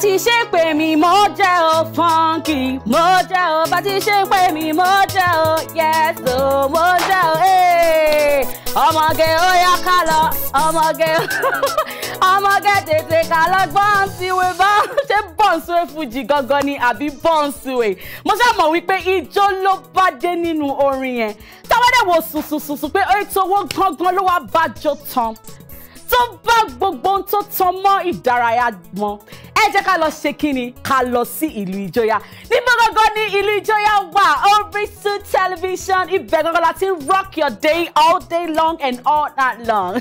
ti ṣe pè mí mo jẹ́ o funky mo jẹ́ o bá ti ṣe pè mí mo jẹ́ o yes o mo jẹ́ o ọmọge ó yá ká lọ ọmọge ọmọge tètè ká lọ gbọ́n tiwe bá ṣe bọ́ǹsùwé fújì gangan ni àbí bọ́ǹsùwé mo ṣáà mọ̀ wípé ijó ló bá dé nínú orin yẹn táwọ́dẹ̀ wo sùnsùnsùn pé ètò owó gangan ló wá bájó tán tó bá gbogbo ohun tó tan mọ́ ìdárayá mọ́ ẹ jẹ́ ká lọ ṣe kíni ká lọ sí ìlú ìjọyà níbo gangan ni ìlú ìjọyà wà Orísun tẹlifíṣàn ibẹ̀ gangan láti rock your day all day long and all night long.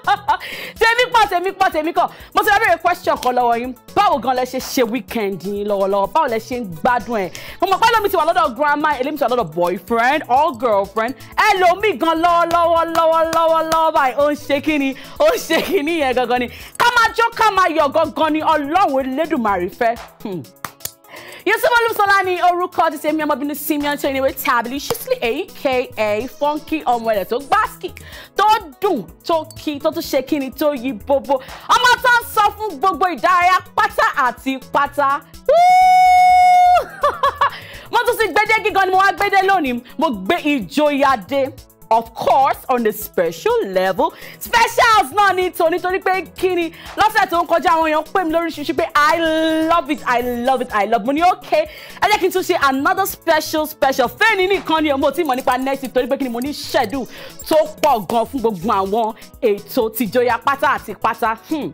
tèmi pọ̀ tèmi pọ̀ tèmi kọ̀ mo ti lọ béèrè question kan lọ́wọ́ yín báwo gan lẹ ṣe ṣe weekend yín lọ́wọ́lọ́wọ́ báwo lẹ ṣe ń gbádùn ẹ̀ mo mọ̀ pé lómi ti wà lọ́dọ̀ grandma èlémi ti wà lọ́dọ̀ boyfriend or girlfriend ẹlòmíì gan lọ́wọ́lọ́wọ́ lọ́wọ́lọ́wọ́ báyìí ó ń ṣe kíni ó ń ṣe kíni yẹn gangan ni máa jó ká máa yọ̀ gangan ni ọlọ́run elédùnmarè fẹ́. Hmm. Yusuf Olúṣọlá ni orúkọ ti Sẹ́mi ọmọbìnrin Simeon Chinwe Tabili Ṣísílì a.k.a. Funky ọmọ rẹ̀ tó gbáàsì tó dùn tó kí tó tún ṣe kíni tó yí bóbó. Ọmọ tó ń sọ fún gbogbo ìdárayá pátá àti pátá. Mo tún ti gbédé gígan ni mo wá gbédé lónìí, mo gbé ìjòyà dé of course on a special level specials náà ni tòní torí pé kíni lọ́sẹ̀ tó ń kọjá àwọn èèyàn pè mí lóríṣiríṣi pé i love it i love it i love mo ní ok ẹ jẹ́ kí n tún ṣe another special special fẹ́ẹ̀ni nìkan ni mo ti mọ̀ nípa next week torí pé kíni mo ní schedule tó pọ̀ gan fún gbogbo àwọn ètò tìjọya pátá àti pátá. Hmm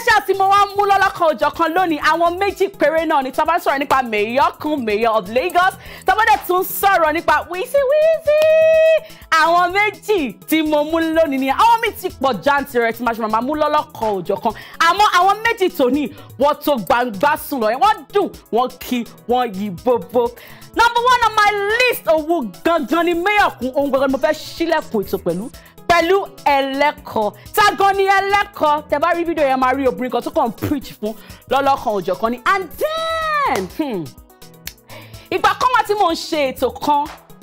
special tí mo wá mú lọ́lọ́kan òjọ̀kan lónìí àwọn méjì péré náà ni tá bá ń sọ̀rọ̀ nípa mayor kun mayor of Lagos tá bá dẹ̀ tún sọ̀rọ̀ nípa Wizzy Wizzy àwọn méjì tí mo mú lónìí ni àwọn mi ti pọ̀ jàǹtìrẹ tí màá ṣe màmá mú lọ́lọ́kan òjọ̀kan àmọ́ àwọn méjì tòní wọ́n tó gbangba sùn lọ́yẹ̀ wọ́n dùn wọ́n kí wọ́n yí bóbó number one on my list owó gangan ni mayor kun ohun gangan ni mo fẹ́ sílẹ̀kùn ètò pẹ̀lú pẹ̀lú ẹlẹ́kọ̀ọ́ tá gan ni ẹlẹ́kọ̀ọ́ tẹ bá rí fídíò yẹn máa rí obìnrin kan tó kàn ń preach fún lọ́lọ́kan òjọ̀kan ni and then hmm, ìgbà kan wá tí mò ń ṣe ètò kan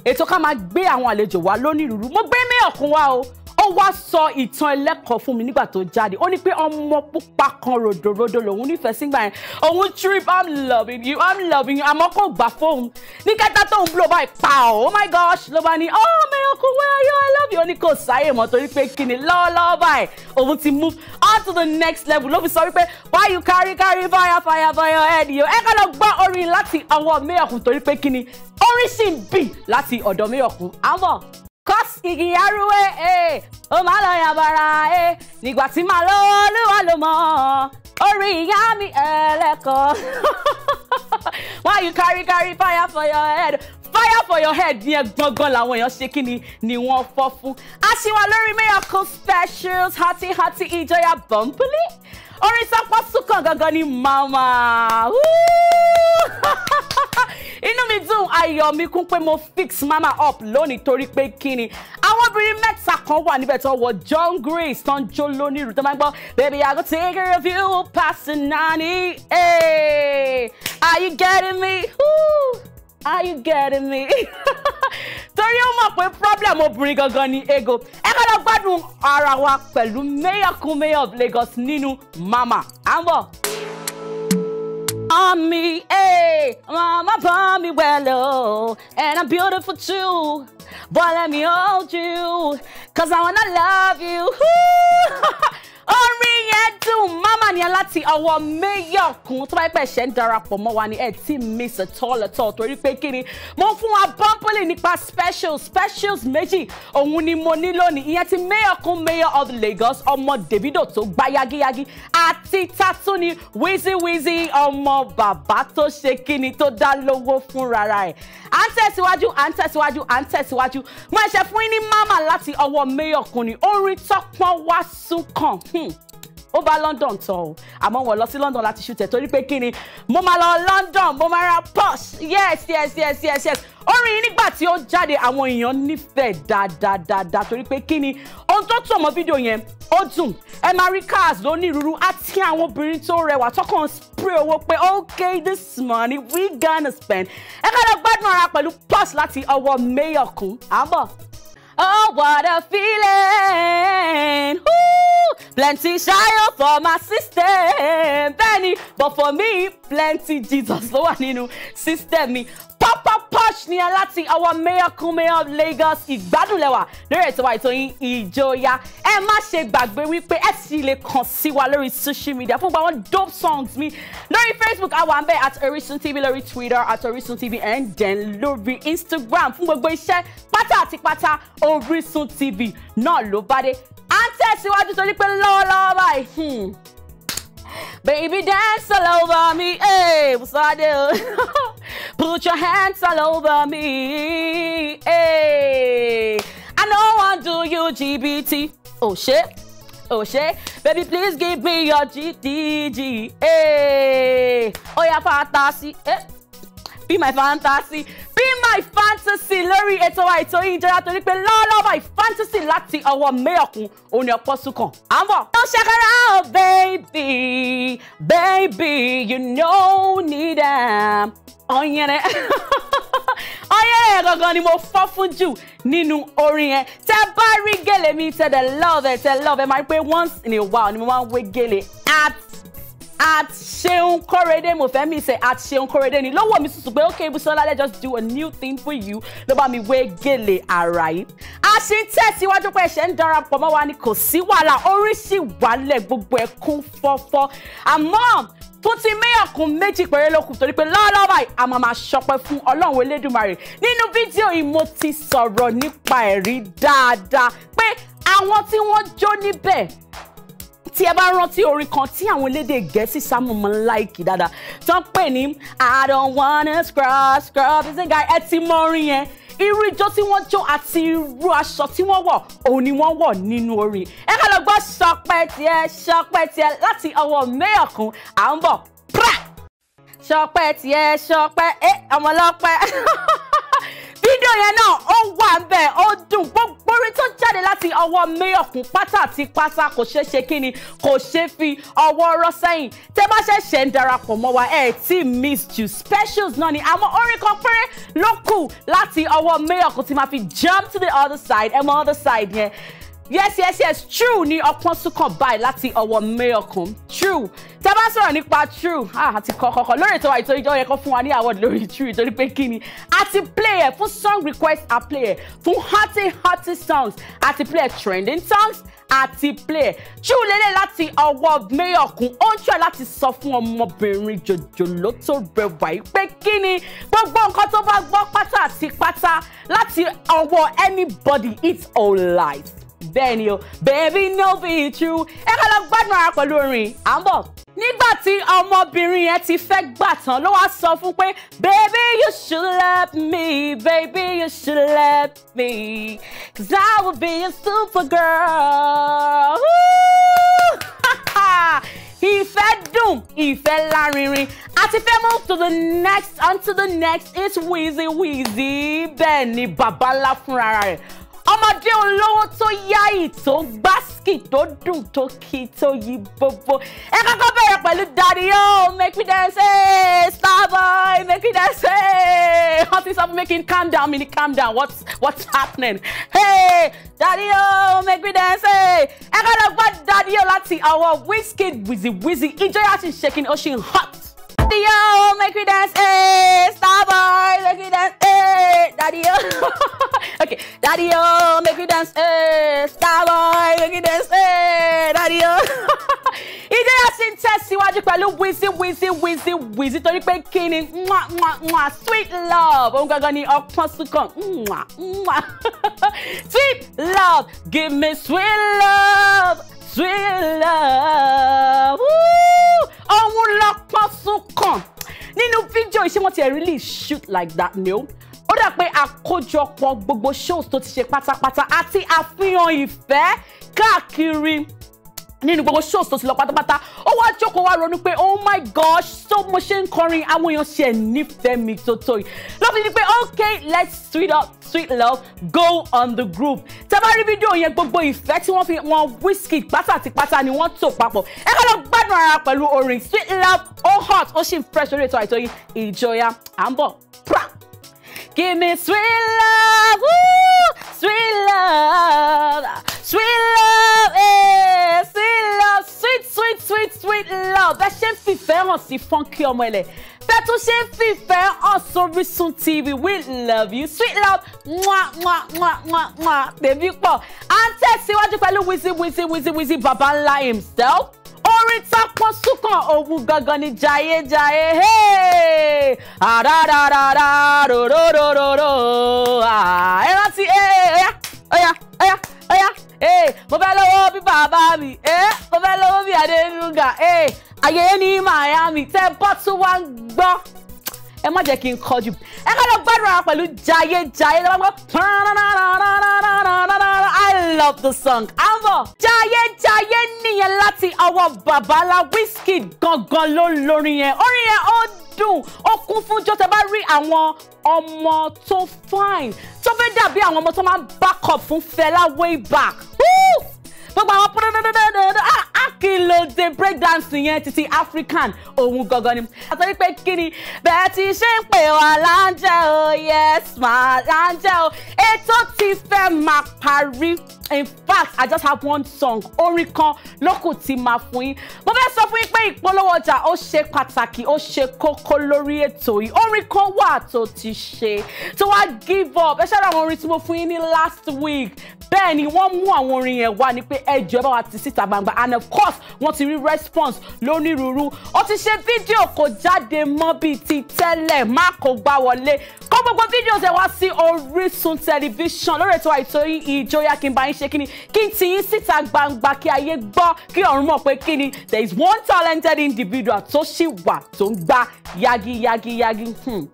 ètò ká máa gbé àwọn àlejò wá lónírúurú mo gbé mayor kan wá o ó wá sọ ìtàn ẹlẹ́kọ̀ọ́ fún mi nígbà tó jáde ó ní pé ọmọ pupa kan ròdòròdò lòun nífẹ̀ẹ́ sígbà yẹn òun trip i'm loving you i'm loving you àmọ́ kò gbà fóun ní kẹta tóun blow by pa oh my gosh ló bá ní oh my uncle where are you i love you ó ní kò sáyè mọ́ torí pé kíni lọ́ọ́lọ́ọ́ báyìí òun ti move on to the next level ló fi sọ wípé why you carry carry fire fire for your head yo ẹ kàn lọ gbọ́ orin láti àwọn mẹ́yọ̀kùn torí pé kíni orin sì ń bì láti ọ̀dọ̀ mẹ́yọ̀kùn àmọ́ kìkì arúwé ee eh, ó máa lọ yàbàrà ee eh. nígbà tí màá lọ olúwa ló mọ̀ orí ìyá mi ẹlẹ́kọ̀ọ́ why you carry carry fire for your head fire for your head yẹn gbọ̀ngàn làwọn èèyàn ṣe kí ni ni wọ́n fọ́ fún. aṣíwá lórí miracle specials hati hati ìjọya bọ̀m̀bùlì orin sápá súnkàn gangan ni màmá. Woo! Bámidùn Ayọ̀míkún pé mo fix mama up lónìí torí pé kíni àwọn obìnrin mẹ́ta kan wà níbẹ̀ tó wọ John Gray, tán jó lónírù tó máa ń gbọ́ baby I go take care of you personally hey, are you getting me are you getting me torí ó mọ̀ pé problem obìnrin gangan ni ego ẹ kọ́ lọ gbádùn ara wa pẹ̀lú mayor kun mayor of Lagos nínú mama à ń bọ̀. me, hey, mama, me well, oh, and I'm beautiful too. Boy, let me hold you, cause I wanna love you. orin yẹn dùn mama ni láti ọwọ́ Mayọ̀kún tó bá pẹ́ ṣe ń darapọ̀ mọ́ wa ni ẹ ti miss at all at all torí pé kí mo fún wa bọ́ńpọ́lì nípa specials specials méjì òun ni mo ní lónìí ìyẹn ti Mayọ̀kún mayor of Lagos ọmọ Davido tó gbá yagiyagi àti tatu ni Wizzy Wizzy ọmọ bàbá tó ṣe kí ni tó dá lówó fún rárá ẹ̀ à ń tẹ̀síwájú à ń tẹ̀síwájú à ń tẹ̀síwájú mo ṣe fún yín ní mama láti ọwọ́ Mayọ̀kún ni orin tọ́pọ́n wá sún kàn hmm. Hmm. ó bá London tọ̀ o àmọ́ wọ́n lọ sí London láti ṣùtẹ̀ torí pé kí ni mo máa lọ London mo máa ra posh yes yes yes yes yes orin yìí nígbà tí ó jáde àwọn èèyàn nífẹ̀ẹ́ dáadáa torí pé kí ni ohun tó tún ọmọ fídíò yẹn ó dùn ẹ máa rí cars lónírúurú àti àwọn obìnrin tó rẹwà tọkàn spray owó pé ok this money we gonna spend ẹ ká lọ gbádùn ara pẹ̀lú posh láti ọwọ́ mayor kún àbọ̀. oh what a feeling plenty ṣayọ for my system bẹ́ẹ̀ but for me plenty Jesus ló wà nínú system mi Papa Posh ni ẹ láti ọwọ́ Mayor Kumail Lagos ìgbádùnlẹ́wà lórí ètò wa ìtòyìn ìjọya. Ẹ má ṣe gbàgbé wípé ẹ sì lè kàn sí wa lórí social media fún àwọn dope songs mi lórí Facebook àwa ń bẹ at Orisun TV lórí Twitter at Orisun TV and then lórí Instagram fún gbogbo iṣẹ́ pátá àti pátá Orisun TV náà ló bá dé. À ń tẹ̀síwájú torí pé lọ́wọ́lọ́wọ́ báyìí. Hmm. Baby dance all over me, hey, Musade. Put your hands all over me. Hey. I know I do you GBT. Oh shit. Oh shit. Baby, please give me your GDG. Hey. Oh yeah, fantasy. Hey. Eh be my fantasy be my fantasy lórí ètò wa ètò yìí ìjọra torí pé lọ́wọ́lọ́wọ́ my fantasy láti ọwọ́ mẹ́ọ̀kun òun ni ọ̀pọ̀ sùn kàn à ń bọ̀. don't ṣàkàrà oh baby baby you know need am ọ̀yẹ̀rẹ̀ ọ̀yẹ̀rẹ̀ gangan ni mo fọ́ fún jù nínú orin yẹn tẹ bá rí gèlè mi tẹ dẹ love ẹ tẹ love ẹ máa rí pé once in a while ni mo máa ń wé gèlè at Seun Korede mo fẹ́ mi sẹ́ at Seun Korede ni lọ́wọ́ mi sùsù pé okay Busola let just do a new thing for you ló bá mi wé gèlè ara yìí. a ṣe ń tẹ̀síwájú pé ẹ̀ṣẹ̀ ń darapọ̀ mọ́ wa ni kò sí wàhálà orí sì wálẹ̀ gbogbo ẹ̀ kún fọ́fọ́ àmọ́ tó ti méyàkùn méjì péré lókun torí pé lọ́wọ́lọ́wọ́ báyìí a máa máa ṣọpẹ́ fún ọlọ́run elédùnmarè nínú fídíò yìí mo ti sọ̀rọ̀ nípa ẹ̀rí dáadáa pé àwọn tí wọ́n jó níbẹ̀ tí ẹ bá rántí orin kan tí àwọn elédè gẹ̀ẹ́sì sámú mọ́ láìkì dáadáa tó ń pè ní i don't wanna scrub scrub this guy ẹ ti mọ orin yẹn irú ijó tí wọ́n jó àti irú aṣọ tí wọ́n wọ̀ òun ni wọ́n wọ̀ nínú orin ẹ ká lọ gbọ́ sọpẹ́ tiẹ̀ sọpẹ́ tiẹ̀ láti ọwọ́ mẹ́yọ̀kún à ń bọ̀ pra sọpẹ́ tiẹ̀ sọpẹ́ ẹ eh, ọmọlọpẹ́ fídíò yẹn náà ó wà ń bẹ̀ ó dùn gbogbo orin tó jáde láti ọwọ́ mayor kún pátá àti pátá kò ṣeé ṣe kí ni kò ṣeé fi ọwọ́ rọ́ sẹ́yìn tẹ́ bá ṣẹ̀ṣẹ̀ ń darapọ̀ mọ́ wa ẹ̀ tí miss you specials náà ni àmọ́ orin kan péré ló kù láti ọwọ́ mayor kún ti máa fi jump to the other side ẹ̀ mọ́ other side yẹn. Yeah yes yes yes true ni ọpọ́n súnkàn báyìí láti ọwọ́ Mayorkun true tá a bá sọ̀rọ̀ nípa true ah àti kọ̀kọ̀kọ̀ lórí ètò àìtó ìjọ yẹ kó fún wa ní award lórí true ìtorí pé kí ni àti play ẹ̀ fún song request a play ẹ̀ fún hotty hotty songs àti play trending songs àti play true lélẹ̀ láti ọwọ́ Mayorkun ó ń ṣọ́ láti sọ fún ọmọbìnrin jòjòló tó rẹwà yìí pé kí ni gbogbo nǹkan tó bá gbọ́ pátá àti pátá láti ọwọ́ anybody it's all life bẹ́ẹ̀ ni o baby no be true ẹ ká lọ gbádùn ara pẹ̀lú orin à ń bọ̀. nígbà tí ọmọbìnrin yẹn ti fẹ́ gbà tán ló wá sọ fún pé baby you should love me baby you should love me cause I will be a super girl. ìfẹ́ dùn ìfẹ́ lárinrin àti fẹ́ move to the next unto the next it's wheezy wheezy bẹ́ẹ̀ ni babalá fúnra rẹ̀ ọmọdé olówó tó yáyì tó gbásíkì tó dùn tó kí tó yí bóbó ẹ kọ́kọ́ bẹ̀rẹ̀ pẹ̀lú daddy o make me dance eh, starboy make me dance hot is up making calm down mini calm down what's what's happening hey daddy o make me dance eh. ẹ kọ́kọ́ gbọ́ daddy o láti ọwọ́ whiskey, wizzy wizzy ìjọyà ti shaking ocean hot. Daddy O, make me dance, eh. Starboy, make me dance, eh. Daddy O. okay, Daddy O, make me dance, eh. Starboy, make me dance, eh. Daddy O. ìdí àti ń tẹ̀síwájú pẹ̀lú wizzy wizzy wizzy wizzy torí pé kí ni mwah mwah mwah sweet love òun gangan ni ọpọ́n sukan mwah mwah sweet love give me sweet love. sweet love ọ̀hún lọ́pọ̀ sunkàn nínú fídíò ṣé wọ́n ti really shoot like that ni o ó dà pé àkójọpọ̀ gbogbo shows tó ti ṣe pátápátá àti àfihàn ìfẹ́ káàkiri nínú gbogbo shows tó ti lọ pátápátá ó wá jókòó wá ronú pé oh my gosh so mo ṣe ń kọrin àwọn èèyàn ṣe nífẹ̀ẹ́ mi tó tó yìí ló ní pé okay let's sweet up sweet love go on the group tẹ bá rí fídíò yẹn gbogbo ìfẹ́ tí wọ́n fi wọn Wizkid pátápátá ni wọ́n tò papọ̀ ẹ kọ́ lọ gbádùn ara pẹ̀lú orin sweet love ó oh hot ó oh sì ń fresh orí ètò àìtó yìí ìjọya à ń bọ̀ pra give me sweet love. wow bẹ́ẹ̀ ṣe ń fìfẹ́ hàn sí fọ́nkì ọmọ ilẹ̀ bẹ́ẹ̀ tún ṣe ń fìfẹ́ hàn sórísun tv we love you sweet love mwah mwah mwah mwah mwah tèmi pọ̀ à ń tẹ̀síwájú pẹ̀lú wizzy wizzy wizzy wizzy baba ńlá himself orin tápọ́n súnkàn òun gangan ni jayéjayé àràràràrà ròròròrò ẹ rántí ọyá ọyá ọyá ọyá mo fẹ́ lọ́wọ́ bí bàbá mi mo fẹ́ lọ́wọ́ bí Adénúgà ayẹyẹ ní Miami tẹ́ bọ́ tún wá ń gbọ́ ẹ má jẹ́ kí n kọ́ jù ẹ ká lọ gbádùn ara pẹ̀lú jayé jayé lọ́wọ́ gbọ́ I love the song àmọ́ jayé jayé nìyẹn láti ọwọ́ babalá Wizkid gangan ló ń lórin yẹn orin yẹn ó dùn ó kún fún jọ́tẹ̀ bá rí àwọn ọmọ tó fine tó fẹ́ dàbí àwọn ọmọ tó máa ń back up fún Fẹlá way back gbogbo àwọn pọ́nrẹ́dẹ́dẹ́dẹ́dẹ́ ah kí ló dé break dance yẹn títí african òun gangan ni. àtọ́jú pé kí ni bẹ́ẹ̀ ti ṣe ń pè wá láńjẹ́ o yes ma láńjẹ́ o ti fẹ́ máa parí in fact i just have one song orin kan lókù tí máa fún yín mo fẹ́ sọ fún yín pé ìpolówó ọjà ó ṣe pàtàkì ó ṣe kókó lórí ètò yìí orin kan wà tó ti ṣe tó wá give up ẹ ṣáà àwọn orin tí mo fún yín ní last week bẹ́ẹ̀ ni wọ́n mú àwọn orin yẹn wá ni pé ẹjọ́ ẹ bá wa ti síta gbangba and of course wọ́n ti rí response lónírúurú ó ti ṣe fídíò kò jáde mọ́ bíi ti tẹ́lẹ̀ má kó gbá wọlé àwọn gbogbo fídíòs ẹ̀ wá sí Orísun tẹlifíṣàn lórí ètò àìtóyí ìjọyà kí n bá yín ṣe kíni kí n ti yín síta gbangba kí ayé gbọ́ kí ọ̀run mọ̀ pé kíni there is one talented individual tó ṣì wà tó ń gbá yagi yagi yagi. Hmm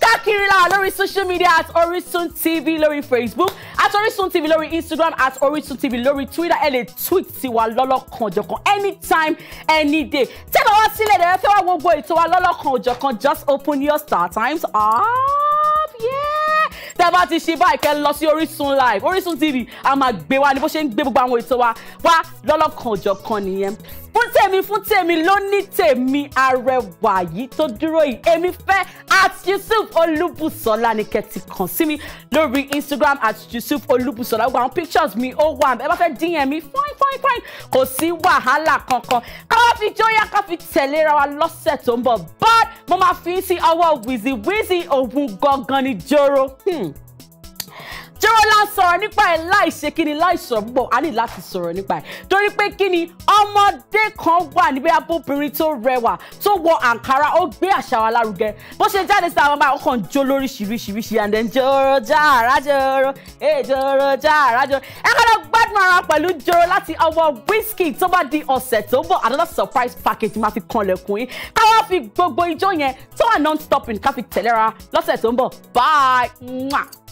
káàkiri láà lórí social media at Orisun TV lórí Facebook at Orisun TV lórí Instagram at Orisun TV lórí Twitter ẹ lè tweet sí wa lọ́lọ́kan òjọ̀kan anytime any day tẹ́lẹ̀ wá sílẹ̀ dẹ̀ fẹ́ wá gbogbo ètò wa lọ́lọ́kan òjọ̀kan just open your Star Times app yeah tẹ́ bá ti ṣe báyìí kẹ́ lọ sí Orísun live Orísun TV a máa gbé wa ni bó ṣe ń gbé gbogbo àwọn ètò wa wá lọ́lọ́kan òjọ̀kan nìyẹn fún tèmi fún tèmi ló ní tèmi arẹwà yìí tó dúró yìí èmi fẹ́ at yusuf olúbùsọ̀lá ni kẹ́tì kàn sí mi lórí instagram at yusuf olúbùsọ̀lá gbogbo àwọn pictures mi ó wà ẹ bá fẹ́ dm mi fine fine fine kò sí wàhálà kankan ká wá fi jóyà ká fi tẹ̀léra wa lọ́sẹ̀ tó ń bọ̀ but mo máa fi sí ọwọ́ wìzìwìzì òun gangan ni jóró. Hmm jẹ́wọ́ la sọ̀rọ̀ nípa ẹ̀ láìṣe kí ni láìsọ̀ bọ̀ a ní láti sọ̀rọ̀ nípa ẹ̀ torí pé kí ni ọmọdé kan wà níbi abóbìnrin tó rẹwà tó wọ àǹkárá ó gbé àṣà wa lárugẹ bó ṣe jáde sí àwọn báyìí ó kàn jó lóríṣiríṣiríṣi and then jòrò jàrá jòrò èè e jòrò jàrá jòrò ẹ kọ́ lọ gbádùn ara pẹ̀lú jòrò láti ọwọ́ Wizkid tó bá di ọ̀sẹ̀ tó bọ̀ another surprise package máa fi kanlẹ̀kùn yín káwá fi gbogbo ijó yẹn tó wà non-stopping ká fi tẹ̀lé ra lọ́sẹ̀ tó ń bọ̀ bye. Mwah.